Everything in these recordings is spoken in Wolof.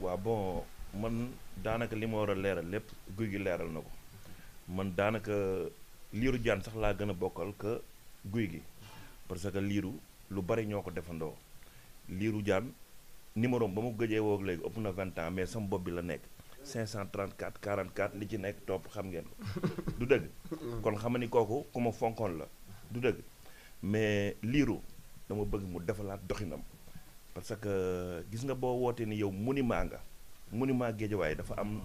waa na bon man daanaka li ma war a leeral lépp guy gi leeral na ko man daanaka liiru jaan sax laa gën a bokkal que guy gi parce que liiru lu bari ñoo ko defandoo liiru jaan numéro ba mu gëjee woog léegi ëpp na vingt ans mais sama bopp bi la nekk 534 44 li ci nekk topp xam ngeen ko du dëgg kon xam kooku ku ma fonkoon la du dëgg mais liiru dama bëgg mu defalaat doxinam parce que gis nga boo wootee ni yow maa nga monument waaye dafa am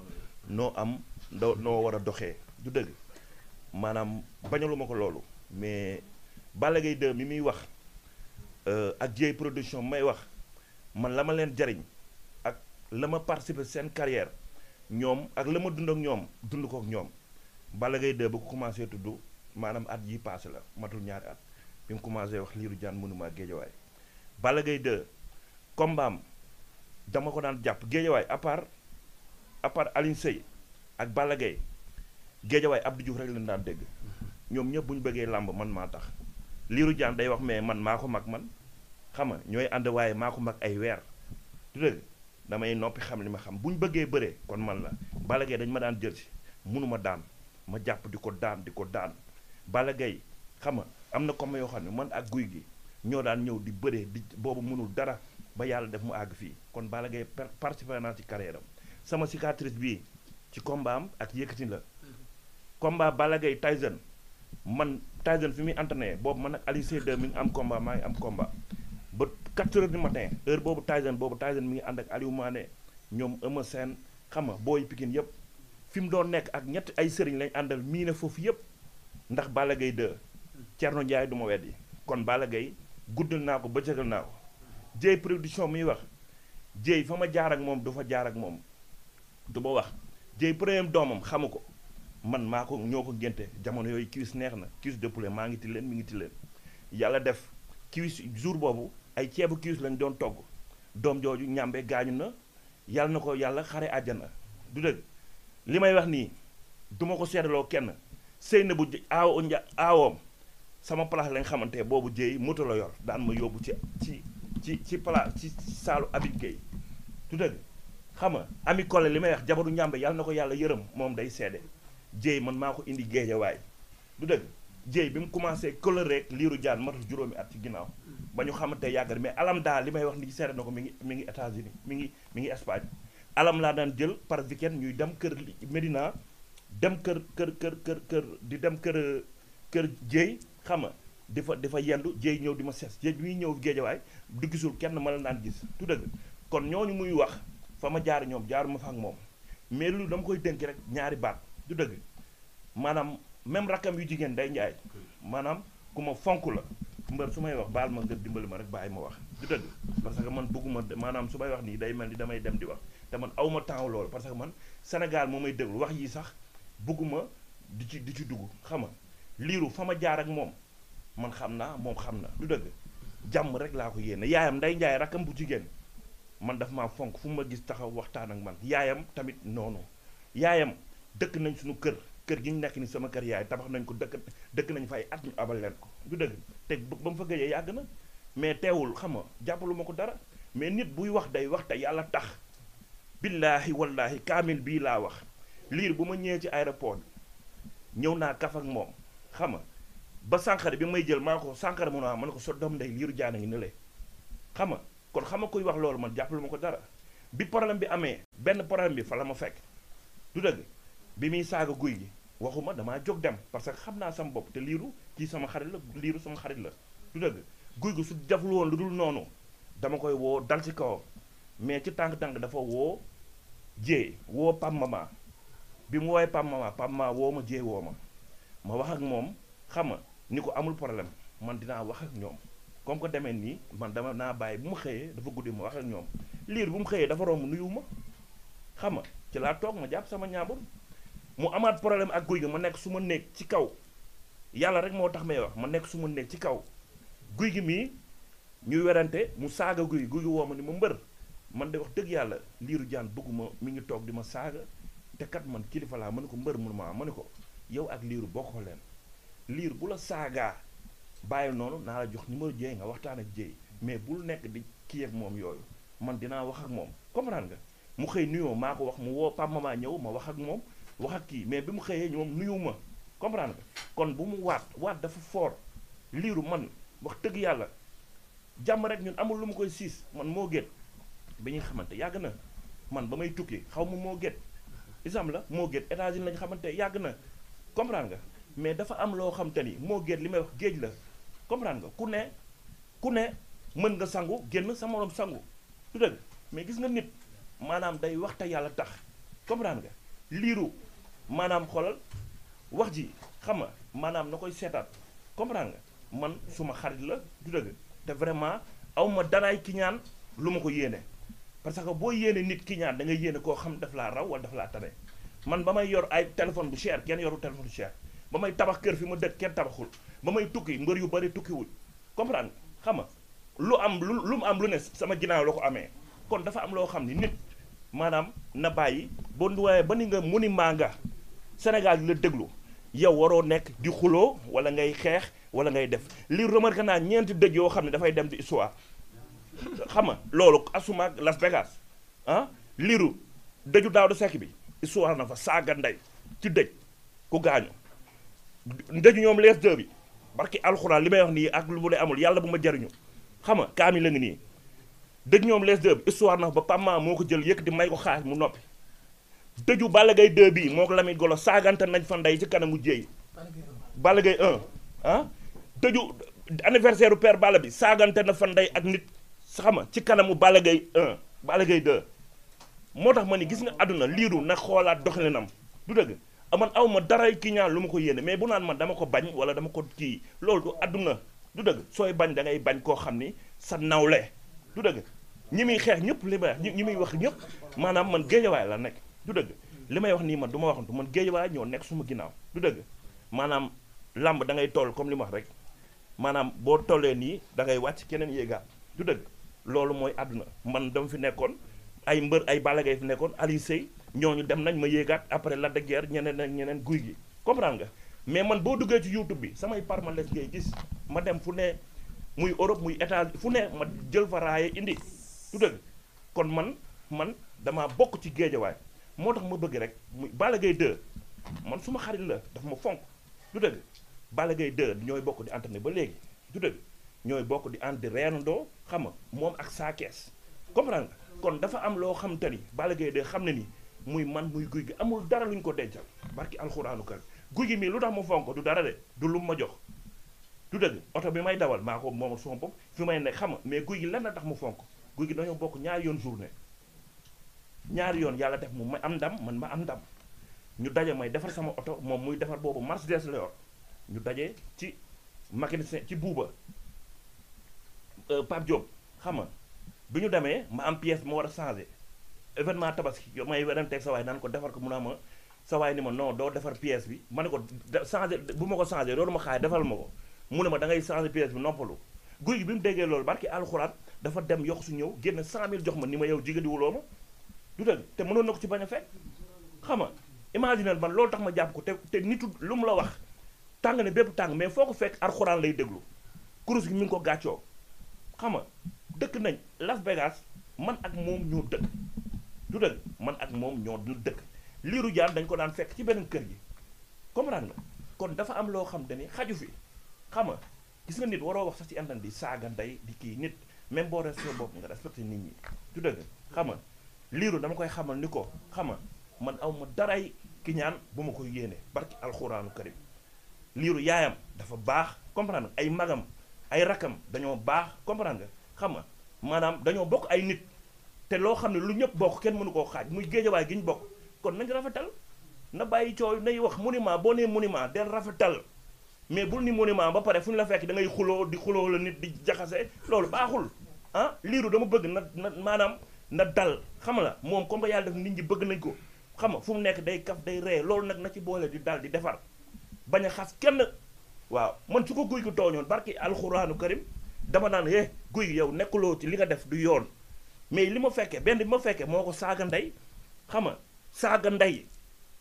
noo am noo noo war a doxee du dëgg maanaam bañaluma ko loolu mais Balla Gaye mi muy wax euh, ak Dieye production may wax man la ma leen jariñ ak la ma participer seen carrière ñoom ak la ma dund ak ñoom dund ko ak ñoom Balla Gaye 2 bu ko commencé tudd maanaam at yi passé la matul ñaari at bi mu commencé wax liiru jaan mënuma géejawaay Balla Gaye 2 kombaam dama ko daan jàpp géejawaay à part à part Alioune Seye ak Balla Gaye géejawaay Abdou Diouf rek lañ daan dégg ñoom ñëpp bu ñu bëggee làmb man maa tax liiru jaan day wax mais man maa ko mag man xam nga ñooy ànd waaye maa ko mag ay weer du dëgg damay noppi xam li ma xam bu ñu bëggee bëree kon man la Balla Gaye dañ ma daan jël si mënuma daan ma jàpp di ko daan di ko daan Balla Gaye xam nga am na comme yoo xam ne man ak guy gi ñoo daan ñëw di bëree di boobu mënul dara ba yàlla def mu àgg fii kon Balla Gaye participé ci carrière am sama cicatrice bii ci combat ak Yékini la combat Balla Gaye Tyson man Tyson fi muy entraîné boobu man ak Aliou Seyde mi ngi am combat maa ngi am combat ba 4 heures du matin heure boobu Tyson boobu Tyson mu ngi ànd ak Aliou Mané ñoom Eumeu Sène xam nga booy Pikine yëpp fi mu doon nekk ak ñetti ay sëriñ lañ àndal miine foofu yëpp ndax Balla Gaye 2 Thierno Ndiaye du ma weddi kon Balla Gaye guddal naa ko bëccëgal naa ko Dieye production muy wax Dieye fa ma jaar ak moom du fa jaar ak moom du ma wax Dieye premier doomam xamu ko man maa ko ñoo ko ngénte jamono yooyu cuisse neex na cuisse de poulet maa ngi ti leen mi ngi ti leen yàlla def cuisse jour boobu ay ceebu cuisse lañ doon togg doom jooju ñàmbe gaañu na yàlla na ko yàlla xare àjjana du dëgg li may wax nii duma ko seetaloo kenn Seynabou aaw nja aawoom sama place lañ xamante boobu jéey moto la yor daan ma yóbbu ci ci ci ci place ci saalu Habib Gueye du dëgg xam nga ami li may wax jabaru njàmbe yàlla na ko yàlla yërëm moom day seede jéey man maa ko indi géejawaay du dëgg jéey bi mu commencé couleur rek liiru jaan matul juróomi at ci ginnaaw ba ñu xamante yàgg mais alam daal li may wax ni seede na ko mi ngi mi ngi États-Unis mi ngi mi ngi Espagne alam laa daan jël par weekend ñuy dem kër Medina dem kër kër kër kër kër di dem kër kër jéey xam nga di fa di fa yendu jéey ñëw di ma ses jéey bi ñëw géejawaay du gisul kenn ma la naan gis tu dëgg kon ñooñu muy wax fa ma jaar ñoom jaaruma fa ak moom mais lu dama koy dénk rek ñaari baat du dëgg maanaam même rakkam yu jigéen day njaay maanaam ku ma fonk la mbër su may wax baal ma nga dimbali ma rek bàyyi ma wax du dëgg parce que man bëgguma maanaam su may wax nii day mel ni damay dem di wax te man awma temps loolu parce que man Sénégal moo may déglu wax yi sax bëgguma du ci di ci dugg xam nga liiru fa ma jaar ak moom man xam naa moom xam na du dëgg jàmm rek laa ko yéene yaayam nday njaay rakkam bu jigéen man daf ma fonk fu ma gis taxaw waxtaan ak man yaayam tamit noonu yaayam dëkk nañ suñu kër kër gi nekk ni sama kër yaay tabax nañ ko dëkk dëkk nañ fa at ñu abal leen ko du dëgg te ba mu fa gëjee yàgg na mais teewul xam nga jàppalu ko dara mais nit buy wax day wax te yàlla tax billaahi wallaahi kaamil bii laa wax liir bu ma ñëwee ci aéroport bi ñëw naa kaf ak moom xam nga ba sànqare bi may jël maa ko sànqare mu ne ma ne ko sa doom ndey liiru jaana ngi ne le xam nga kon xam nga kuy wax loolu man jàppale ma ko dara bi problème bi amee benn problème bi fa la ma fekk du dëgg bi muy saaga guy gi waxuma damaa jóg dem parce que xam naa sama bopp te liiru kii sama xarit la liiru sama xarit la du dëgg guy gi su deful woon lu dul noonu dama koy woo dal ci kawam mais ci tànk-tànk dafa woo jéey bi mu woowee Pape Mama Pape Mama woo ma jéey woo ma ma wax ak moom xam nga ni ko amul problème man dinaa wax ak ñoom comme que demee nii man dama naa bàyyi bu ma xëyee dafa guddi ma wax ak ñoom liir bu mu xëyee dafa romb nuyu ma xam nga ci laa toog ma jàpp sama ñaabur mu amaat problème ak guy gi ma nekk su ma nekk ci kaw yàlla rek moo tax may wax ma nekk su ma nekk ci kaw guy gi mii ñuy werante mu saaga guy guy gi woo ma ni ma mbër man de wax dëgg yàlla liiru jaan bëgguma mi ngi toog di ma saaga te kat man kilifa laa ma ko mbër mun ma ma ne ko yow ak liiru bokkoo leen liir bu la saagaa bàyyil noonu naa la jox numéro jéey nga waxtaan ak jéey mais bul nekk di kii ak moom yooyu man dinaa wax ak moom comprendre nga mu xëy nuyoo maa ko wax mu woo Pape ñëw ma wax ak kii mais bi mu xëyee ñoom nuyu ma comprendre nga kon bu mu waat waat dafa fort liiru man wax dëgg yàlla jàmm rek ñun amul lu ma koy siis man moo gét bi ñuy xamante yàgg na man ba may tukki xaw ma moo gét isam la moo géet États-Unis lañ xamante yàgg na comprendre nga mais dafa am loo xam te ni moo géet li may wax géej la comprendre nga ku ne ku ne mën nga sangu génn sa morom sangu du dëgg mais gis nga nit maanaam day wax te yàlla tax comprendre nga liiru maanaam xoolal wax ji xam nga maanaam na koy seetaat comprendre nga man suma xarit la du dëgg te vraiment awma daraay ki lu ma ko yéene parce que boo yéene nit ki ñaan da ngay yéene koo xam daf laa raw wala daf laa tane man ba may yor ay téléphone bu cher kenn yoru téléphone bu cher ba may tabax kër fi ma dëkk kenn tabaxul ba may tukki mbër yu bari tukkiwul comprendre xam nga lu am lu lu mu am lu ne sama ginnaaw la ko amee kon dafa am loo xam ni nit maanaam na bàyyi boo waaye ba ni nga mu ni maa nga Sénégal la déglu yow waroo nekk di xuloo wala ngay xeex wala ngay def li remarqué naa ñeenti dëj yoo xam ne dafay dem di histoire xam nga loolu asuma Las Vegas ah liru dëju daaw da sekk bi histoire na fa saaga ndey ci dëj ku gaañu dëju ñoom les deux bi barki alxuraan li may wax nii ak lu bu dee amul yàlla bu ma jariñu xam nga kaami la ngi nii dëj ñoom les deux bi histoire na fa ba pamma moo ko jël yëkk di may ko xaaj mu noppi dëju Balla Gaye 2 bii moo ko Lamine Golo saagante nañ fa ndey ci kanamu jéey Balla Gaye 1 ah dëju anniversaire u père bi saagante na fa ndey ak nit xam nga ci kanamu Balla Gaye 1 Balla Gaye 2 moo tax ma ni gis nga àdduna liiru na xoolaat doxalinam du dëgg man aw ma daray kii ñaan lu ma ko yéene mais bu naan man dama ko bañ wala dama ko kii loolu du àdduna du dëgg sooy bañ da ngay bañ koo xam ni sa nawle du dëgg ñi muy xeex ñëpp li may ñi muy wax ñëpp maanaam man géejawaay la nekk du dëgg li may wax nii man du ma waxantu man géejawaay ñoo nekk suma ginnaaw du dëgg maanaam làmb da ngay toll comme li ma rek maanaam boo tollee nii da wàcc keneen yéegaat du dëgg loolu mooy àdduna man dama fi nekkoon ay mbër ay Balla Gaye fi nekkoon Aliou ñoo ñu dem nañ ma yéegaat après Lac de ñeneen ak ñeneen guy gi comprendre nga mais man boo duggee ci YouTube bi samay par ma palmarès ngay gis ma dem fu ne muy Europe muy état fu ne ma jël fa raaye indi du dëgg kon man man dama bokk ci géejawaay moo tax ma bëgg rek mu Balla Gaye 2 man suma xarit la dafa ma fonk du dëgg Balla Gaye 2 ñooy bokk di entraîné ba léegi du ñooy bokk di ànd di xam nga moom ak saa kees kon dafa am loo xam te ni Balla Gaye de xam ne ni muy man muy guy gi amul dara luñ ko dencal barki alxuraanu kër guy gi mii lu tax mu fonk du dara de du lu ma jox du dëgg oto bi may dawal maa ko moomal sama bopp fi may nekk xam nga mais guy gi lan la tax mu fonk guy gi dañoo bokk ñaari yoon journée ñaari yoon yàlla def mu ma am ndam man ma am ndam ñu daja may defar sama oto moom muy defar boobu Mercedes la yor ñu daje ci mécanicien ci buuba Euh, Pape Diop xam nga bi ñu demee ma am pièce ma war a changé événement tabaski yow may weranteeg sa waay naan ko defar ko mun a ma sa waay ni ma non doo defar pièce bi ma ne ko changé bu ma ko changé loolu ma xaay defal ma ko mu ne ma da ngay changé bi noppalu guy gi bi mu déggee loolu barki alxuraan dafa dem yox su ñëw génn 100000 jox ma ni ma yow jigéen di wuloo ma du dëgg te mënoon na ko ci bañ a fekk xam nga imaginel man loolu tax ma jàpp ko te te nitu lu mu la wax tàng ne bépp tàng mais foo ko fekk alxuraan lay déglu kurus gi mi ngi ko gàccoo xam nga dëkk nañ Las Vegas man ak moom ñoo dëkk du dëgg man ak moom ñoo du dëkk liiru jaan dañ ko daan fekk ci benn kër gi comprendre nga kon dafa am loo xam te ni xaju fi xam nga gis nga nit waroo wax sa ci internet di saaga ndey di kii nit même boo respecté bopp nga respecté nit ñi du dëgg xam liiru dama koy xamal ni ko xam nga man awma daray ki ñaan bu ma koy yéene barki alxuraanu karim liiru yaayam dafa baax comprendre ay magam ay rakam dañoo baax comprendre nga xam nga maanaam dañoo bokk ay nit te loo xam ne lu ñëpp bokk kenn mënu koo xaaj muy géejawaay gi ñu bokk kon nañ rafetal na bàyyi coow nay wax monument boo nee monument de rafetal mais bul ni monument ba pare fu ñu la fekk da ngay xuloo di xuloo la nit di jaxase loolu baaxul ah liiru dama bëgg na na maanaam na dal xam la moom comme que yàlla def nit ñi bëgg nañ ko xam nga fu mu nekk day kaf day ree loolu nag na ci boole di dal di defar bañ a xas kenn waaw man su ko guy gu tooñoon barki alxuraanu karim dama naan eh guy yow nekkuloo ci li nga def du yoon mais li ma fekkee benn bi ma fekkee moo ko saaga ndey xam nga saaga ndey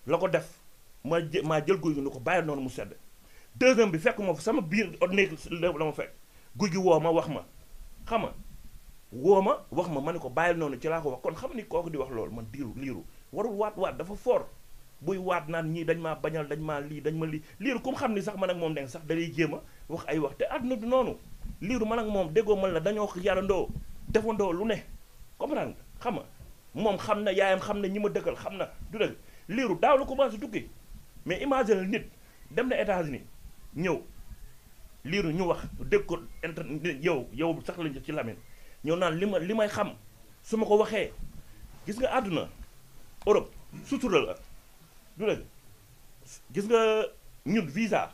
la ko def ma jë maa jël guy gi ni ko bàyyi noonu mu sedd deuxième bi fekk ma sama biir néeg la ma fekk guy gi woo ma wax ma xam nga woo ma wax ma ma ne ko bàyyil noonu ci laa ko wax kon xam ni kooku di wax loolu man diiru liiru warul waat waat dafa fort buy waat naan ñii dañ maa bañal dañ maa lii dañ ma lii liiru ku xam ni sax ma ak moom deng sax dalay jéem a wax ay wax te àdduna du noonu liiru ma nag moom déggoo man la dañoo yarandoo defandoo lu ne comprendre nga xam nga moom xam na yaayam xam na ñi ma dëkkal xam na du dëgg liiru daaw la commencé tukki mais imagine nit dem na états ni ñëw liiru ñu wax dégg ko internet yow yow sax lañ ci Lamine ñëw naan li ma li may xam su ma ko waxee gis nga àdduna Europe sutura la du dëgg gis nga ñun visa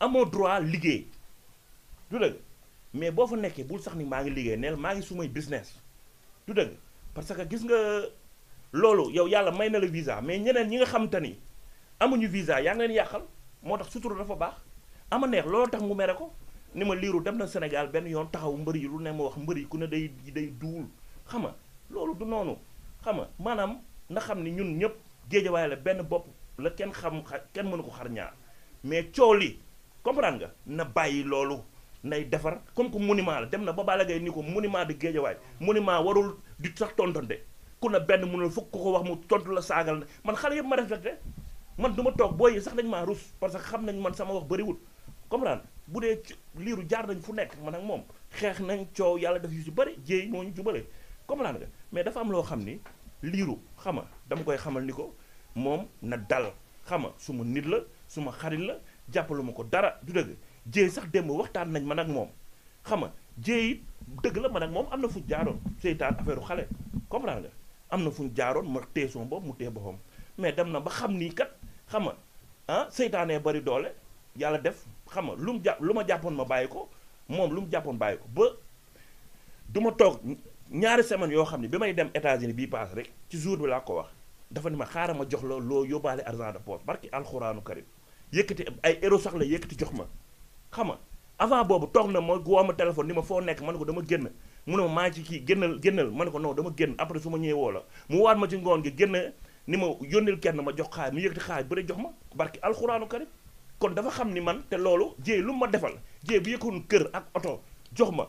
amoo droit liggéey du dëgg mais boo fa nekkee bul sax ni maa ngi liggéey neel maa ngi sumay business du dëgg parce que gis nga loolu yow yàlla may na la visa mais ñeneen ñi nga xam te ni amuñu visa yaa ngi leen yàqal moo tax sutura dafa baax am a neex loolu tax mu mere ko ni ma liiru dem na Sénégal benn yoon taxaw mbër yi lu ne ma wax mbër yi ku ne day day duwul xam nga loolu du noonu xam nga maanaam na xam ni ñun ñëpp géejawaay la benn bopp la kenn xam kenn mënu ko xar ñaar mais coow li comprendre nga na bàyyi loolu nay defar comme que monument la dem na ba Balla Gaye ni ko monument de Guédiawaye monument warul di sax tontonte ku ne benn mënul fukk ko wax mu tontu la saagal na man xale yëpp ma respecté man du ma toog booy yi sax nañ maa rus parce que xam nañ man sama wax bëriwul comprendre bu dee liiru jaar nañ fu nekk man ak moom xeex nañ coow yàlla def yu si bëri jéey moo ñu jubale comprendre nga mais dafa am loo xam ni liiru xama dama koy xamal ni ko moom na dal xam nga su nit la suma xarit la jàppalu ma ko dara du dëgg jéey sax démb waxtaan nañ man ak moom xam nga jéey it dëgg la man ak moom am na fu jaaroon seytaan affaire xale comprendre nga am na fu ñu jaaroon ma téye suma bopp mu téye boppam mais dem na ba xam nii kat xam nga ah seytaanee bari doole yàlla def xam nga lu mu jàpp lu ma jàppoon ma bàyyi ko moom lu mu jàppoon bàyyi ko ba duma ma toog ñaari semaine yoo xam ne bi may dem États-Unis bii paas rek ci jour bi laa ko wax dafa ne ma xaaral ma jox la loo yóbbaale argent de poche barki alxuraanu karim yëkkati ay euro sax la yëkkati jox ma xam nga avant boobu toog na ma woo ma téléphone ni ma foo nekk ma ne ko dama génn mu ne ma maa ci kii génnal génnal ma ne ko non dama génn après su ma ñëwee woo la mu waat ma ci ngoon gi génn ni ma yónnil kenn ma jox xaay mu yëkkati xaay bëri jox ma barki alxuraanu karim kon dafa xam ni man te loolu jéey lu ma defal jéey bu yëkkoon kër ak oto jox ma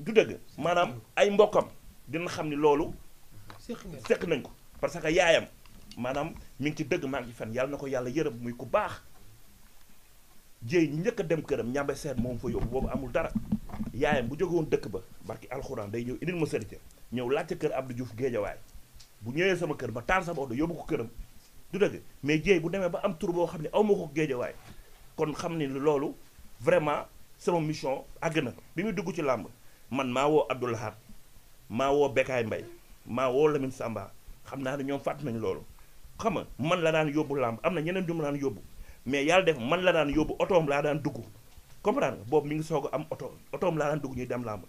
du dëgg maanaam ay mbokkam dina xam ni loolu seq nañ ko parce que yaayam maanaam mi ngi ci dëgg maa ngi ci fen yàlla na ko yàlla yërëm muy ku baax jéey ñu njëkk dem këram ñambe seen moom fa yóbbu boobu amul dara yaayam bu jóge woon dëkk ba barki alxuraan day ñëw indil ma salité ñëw laajte kër Abdou Diouf géejawaay bu ñëwee sama kër ma taal sama oto yóbbu ko këram du dëgg mais jéey bu demee ba am tur boo xam ne aw ma ko géejawaay kon xam ni loolu vraiment sama mission àgg na bi muy dugg ci làmb man maa woo Abdou Lahad Bekaay Mbay maa woo Samba xam naa ne ñoom fàtt nañu loolu xam nga man la daan yóbbu làmb am na ñeneen ñu mu daan yóbbu mais yàlla def man la daan yóbbu otoom laa daan dugg comprendre nga boobu mi ngi soog am oto otoom laa daan dugg ñuy dem làmb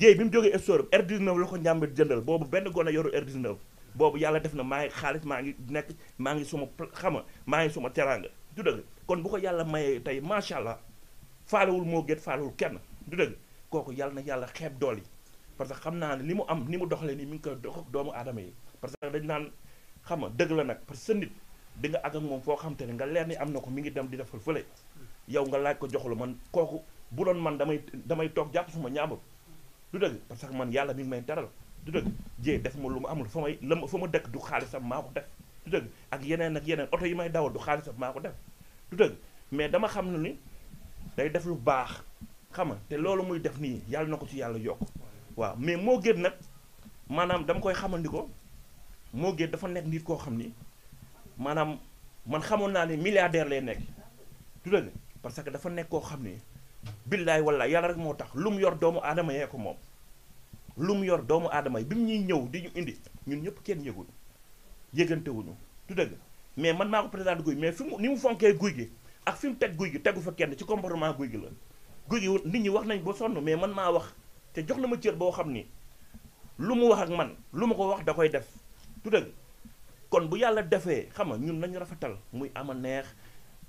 jéey bi mu jógee store R19 la ko njàmbat jëndal boobu benn gone yoru R19 boobu yàlla def na maa ngi xaalis maa ngi nekk maa ngi suma xam nga maa ngi suma teraanga du dëgg kon bu ko yàlla mayee tey macha allah faalewul moo gét faalewul kenn du dëgg kooku yàlla na yàlla xeeb dool yi parce que xam naa ne li mu am ni mu doxalee ni mi ngi koy dox doomu aadama yi parce que dañ naan xam nga dëgg la nag parce que sa nit di àgg ak moom foo xam te nga leer ni am na ko mi ngi dem di defal fële yow nga laaj ko joxlu man kooku bu doon man damay damay toog jàpp suma ñaamam du dëgg parce que man yàlla mi may teral du dëgg def ma lu ma amul fa may la ma fa ma dëkk du xaalisam maa ko def dëgg ak yeneen ak yeneen oto yi may dawal du xaalisam maa ko def du dëgg mais dama xam ne ni day def lu baax xama te loolu muy def nii yàlla na ko ci yàlla yokk waaw mais moo génn nag maanaam dama koy xamandikoo moo Gates dafa nekk nit koo xam ni maanaam man xamoon naa ne milliardaire lay nekk du dëgg parce que dafa nekk koo xam ni billaay wallaay yàlla rek moo tax lu mu yor doomu aadama yee ko moom lu mu yor doomu aadama yi bi mu ñuy ñëw di ñu indi ñun ñëpp kenn yëgul yëgantewuñu du dëgg mais man maa ko présenté guy mais fi mu ni mu fonkee guy gi ak fi mu teg guy gi tegu fa kenn ci comportement guy gi la guy gi nit ñi wax nañ ba sonn mais man maa wax te jox na ma cër boo xam ni lu mu wax ak man lu ma ko wax da koy def du dëgg kon bu yàlla defee xam nga ñun nañu rafetal muy am a neex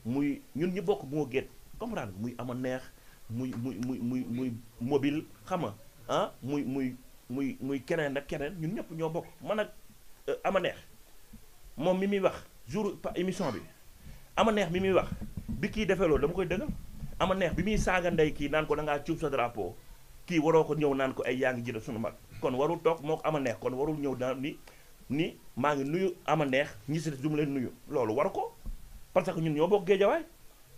muy ñun ñu bokk moo géet comprendre muy ama neex muy muy muy muy muy mobile xam nga ah, muy muy muy muy keneen ak keneen ñun ñëpp ñoo bokk man ak euh, ama neex moom mi muy wax jour émission bi ama neex mi muy wax bi kii defee loolu dama koy dëggal ama neex bi muy saaga ndey kii naan ko da ngaa cuub sa drapeau kii waroo ko ñëw naan ko ay yaa ngi jël sunu mag kon warul toog moo ko ama neex kon warul ñëw daan ni ni maa ngi nuyu am a neex ñi si des du mu leen nuyu loolu war ko parce que ñun ñoo bokk géejawaay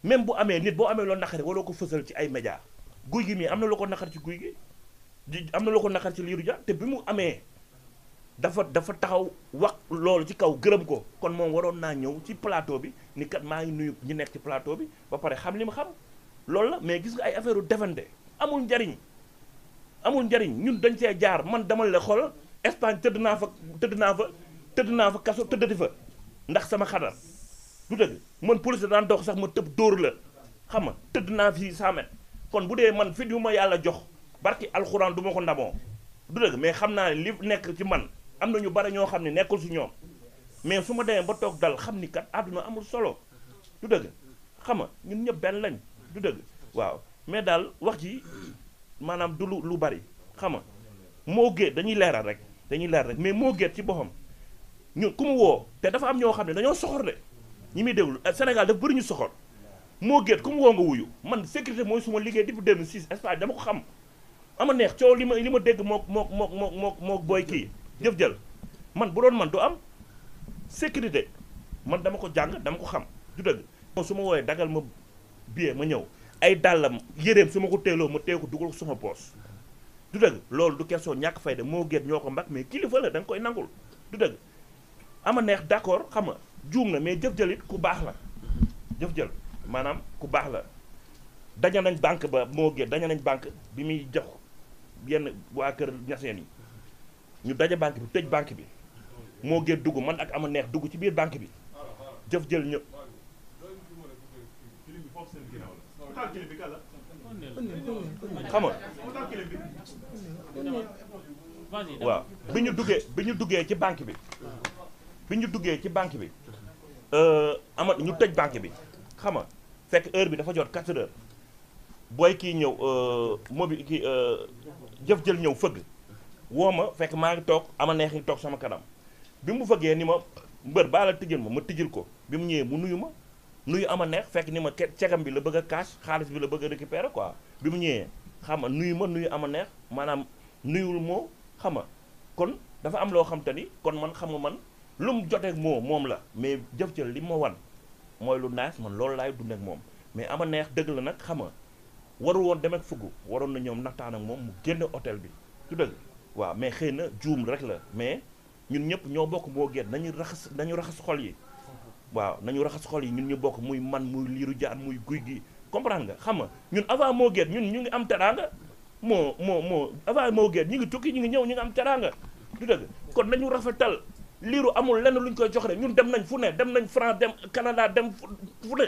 même bu amee nit boo amee loo naqari waroo ko fësal ci ay média guy gi mii am na loo ko naqar ci guy gi di am na loo ko naqar ci liiru ja te bi mu amee dafa dafa taxaw wax loolu ci kaw gërëm ko kon moom waroon naa ñëw ci plateau bi ni kat maa ngi nuyu ñi nekk ci plateau bi ba pare xam li ma xam loolu la mais gis nga ay affaire u defante amul njariñ amul njariñ ñun dañ see jaar man dama la xool Espagne tëdd naa fa tëdd naa fa tëdd naa fa kaso tëddati fa ndax sama xadar du dëgg mën police daan dox sax ma tëb dóor la xam nga tëdd naa fii 100 kon bu dee man fit yu ma yàlla jox barki alxuraan du ma ko ndamoo du dëgg mais xam naa ne li nekk ci man am na ñu bari ñoo xam ne nekkul si ñoom mais su ma demee ba toog dal xam ni kat àdduna amul solo du dëgg xam nga ñun ñëpp benn lañ du waaw mais daal wax ji maanaam du lu lu bari xam nga moo gee dañuy leeral rek. dañuy leer rek mais moo gét ci boppam ñun ku mu woo te dafa am ñoo xam ne dañoo soxor de ñi muy déglu eh, Sénégal dafa bëri ñu soxor moo gét ku mu woo nga wuyu man sécurité mooy suma liggéey depuis 2006 Espagne dama ko xam ama neex coow li ma li ma dégg mook mook mook mook mook mook booy kii jëf jël man bu doon man du am sécurité man dama ko jàng dama ko xam du su ma wooyee dagal ma billet ma ñëw ay dàllam yéreem su ma ko teeloo ma teew dugal ko sama poos du dëgg loolu du question ñàkk fayda moo géet ñoo ko mbag mais kilifa la da nga koy nangul du dëgg ama neex d'accord xam nga juum na mais jëf-jël ku baax la jëf-jël maanaam ku baax la daña nañ banque ba moo géet daña nañ banque bi muy jox yenn waa kër ñaseen yi ñu daja banque bi tëj banque bi moo géet dugg man ak ama neex dugg ci biir banque bi jëf-jël ñëpp xam nga waaw bi ñu duggee bi ñu duggee ci banque bi bi ñu duggee ci banque bi euh, amat ñu tëj banque bi xam nga fekk heure bi dafa jot 4 heures booy kii ñëw euh, mobi kii euh, jëf jël ñëw fëgg woo ma fekk maa ngi toog ama neex ngi toog sama kanam bi mu fëggee ni ma mbër baa la tijjil ma ma tijjil ko bi mu ñëwee mu nuyu ma nuyu ama neex fekk ni ma cegam bi la bëgg a cash xaalis bi la bëgg a récupérer quoi bi mu ñëwee xam nga nuyu ma nuyu ama neex maanaam nuyul moo xama kon dafa am loo xam te ni kon man xam nga man lu mu joteeg moo moom la mais jëf jël li ma wan mooy lu naas man loolu laay dund ak moom mais ama neex dëgg la nag xama warul woon dem ak fugg waroon na ñoom naxtaan ak moom mu génn hôtel bi du dëgg waaw mais xëy na juum rek la mais ñun ñëpp ñoo bokk moo génn nañu raxas nañu raxas xol yi waaw nañu raxas xol yi ñun ñu bokk muy man muy liiru jaan muy guy gi comprendre nga xam nga ñun avant moo ñun ñu am teraanga moo moo moo avant moo génn ñi ngi tukki ñu ngi ñëw ñi ngi am teraanga du dëgg kon nañu rafetal liiru amul lenn luñ koy jox rek ñun dem nañ fu ne dem nañ France dem Canada dem fu ne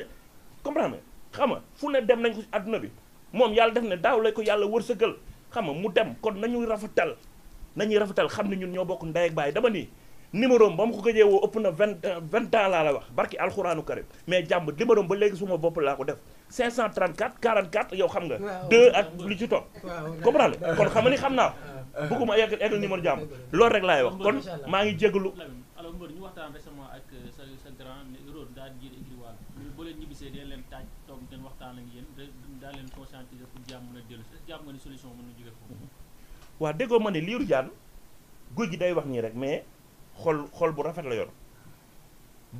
comprendre xam nga fu ne dem nañ ko àdduna bi moom yàlla def ne daaw la ko yàlla wërsëgal xam nga mu dem kon nañuy rafetal nañuy rafetal xam ne ñun ñoo bokk ndey ak baay dama nii numéro ba mu ko gëjee woo ëpp na vingt vingt ans laa la wax barki alxuraanu karim mais jàmm numéro ba léegi suma bopp laa ko def 534 44 yow xam nga. deux ak lu ci topp. comprendre kon xam nga ni xam naa bëgguma yegg egg numéro jàmm loolu rek laay wax kon maa ngi jégalu. alors Mbër ñu waxtaan récemment ak sa sa grand Rod daal di a dellu si jàmm nga ni na jóge foofu. waaw déggoo ma ne Lirou Diane guy gi day wax nii rek mais. xol xol bu rafet la yor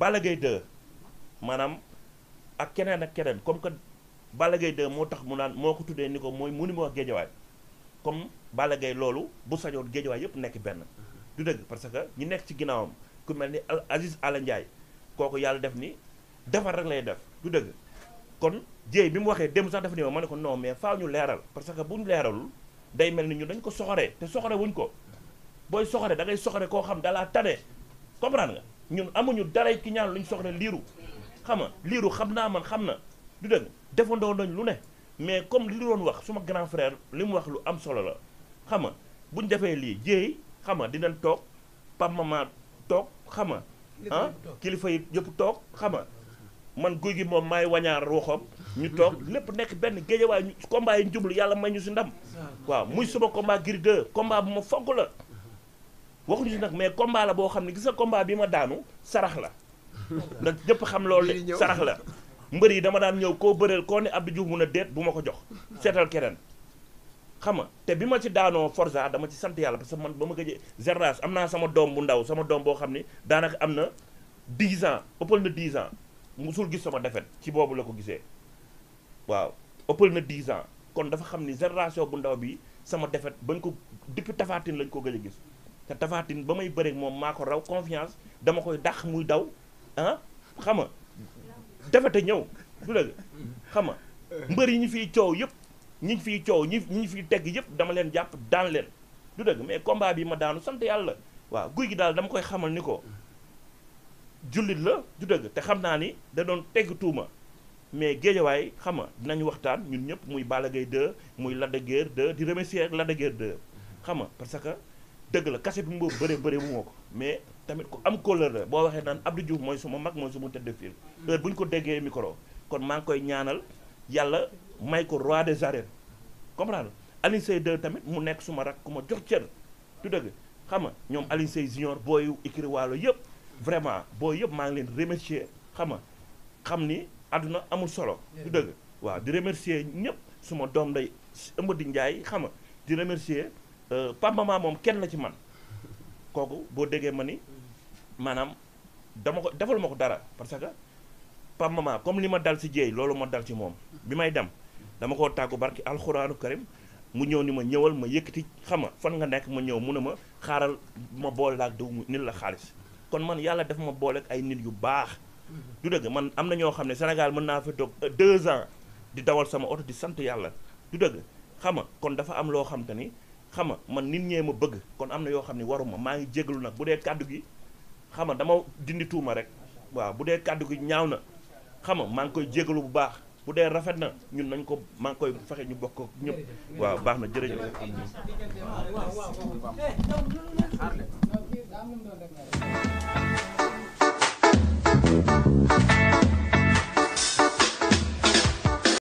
Balla Gaye 2 maanaam ak keneen ak keneen comme que Balla Gaye moo tax mu naan moo ko tuddee ni ko mooy mu ni mu wax géejawaay comme Balla Gaye loolu bu sañoon géejawaay yëpp nekk benn. du dëgg parce que ñu nekk ci ginnaawam ku mel ni al Aziz Ala Ndiaye kooku yàlla def ni defar rek lay def du dëgg kon jéey bi mu waxee démb sax dafa ni ma ma ne ko non mais faaw ñu leeral parce que bu ñu leeralul day mel ni ñu dañ ko soxoree te soxore ko. booy soxore da soxore koo xam dalaa tane comprendre nga ñun amuñu daray ki ñaan lu ñu soxore liiru xam nga liiru xam naa man xam na du dëgg defandoo nañ lu ne mais comme li wax suma grand frère li mu wax lu am solo la xam nga buñ defee lii jéey xam nga dinañ toog pam mama toog xam nga ah kilifa yi yëpp toog xam nga man guy gi moom maay wañaar waxoom ñu toog lépp nekk benn géejawaay combat yi njublu yàlla may ñu si ndam waaw muy suma combat Gris 2 combat bu ma fogg la waxuñu si nag mais combat la boo xam ne gis nga combat bi ma daanu sarax la ndax ñëpp xam loolu de sarax la mbër yi dama daan ñëw koo bëreel koo ne Abdou Diouf mun a déet bu ma ko jox seetal keneen xam nga te bi ma ci daanoo Forza dama ci sant yàlla parce que man ba ma gëjee génération am naa sama doom bu ndaw sama doom boo xam ne daanaka am na 10 ans ëppal na 10 ans musul gis sama defet ci boobu la ko gisee waaw ëppal na 10 ans kon dafa xam ni génération bu ndaw bi sama defet bañ ko depuis tafaatin lañ ko gëj a gis te Tafatine ba may bëreeg moom maa ko raw confiance dama koy dàq muy daw ah xam nga defete ñëw du la xam mbër yi ñu fiy coow yëpp ñi ñu fiy coow ñu ñu fiy teg yëpp dama leen jàpp daan leen du dëgg mais combat bi ma daanu sant yàlla waaw guy gi daal dama koy xamal ni ko jullit la du dëgg te xam naa ni da doon tegg tuuma mais géejawaay xam nga dinañ waxtaan ñun ñëpp muy Balla Gaye 2 muy Lac de Guiers di remercier ak Lac de Guiers parce que dëgg la kase bi mu bëree bëree bu moo ko mais tamit ku am kóllëre la boo waxee naan Abdou Diouf mooy suma mag mooy suma tëdd fil heure bu ñu ko déggee micro kon maa ngi koy ñaanal yàlla may ko roi des arènes comprendre Alioune Seye 2 tamit mu nekk su ma rak ku ma jox cër du dëgg xam nga ñoom Alioune Seye junior booyu Ikri yëpp vraiment booy yëpp maa ngi leen remercier xam nga xam ni àdduna amul solo du dëgg waaw di remercier ñëpp suma doom day Amady Ndiaye xam nga di remercier Euh, Pape moom kenn la ci man kooku boo déggee ma ni maanaam dama ko defal ma ko dara parce que Pape Maman comme li ma dal si jéey loolu ma dal ci moom bi may dem dama koo tàggu barki alxuraanu karim mu ñëw ni ma ñëwal ma yëkkati xam nga fan nga nekk ma ñëw mu ne ma xaaral ma boole laak diw nit la xaalis kon man yàlla def ma booleek ay nit yu baax du dëgg man am na ñoo xam ne Sénégal mën naa fa dog euh, deux ans di dawal sama oto di sant yàlla du dëgg xam nga kon dafa am loo xam ni xam nga man nit ñee ma bëgg kon am na yoo xam ne waruma maa ngi jégalu nag bu dee kàddu gi xam nga dama dindi rek waaw bu dee kàddu gi ñaaw na xam nga maa ngi koy jégalu bu baax bu dee rafet na ñun nañ ko maa ngi koy fexe ñu bokk ak ñëpp waaw baax na jërëjëf. Thank you.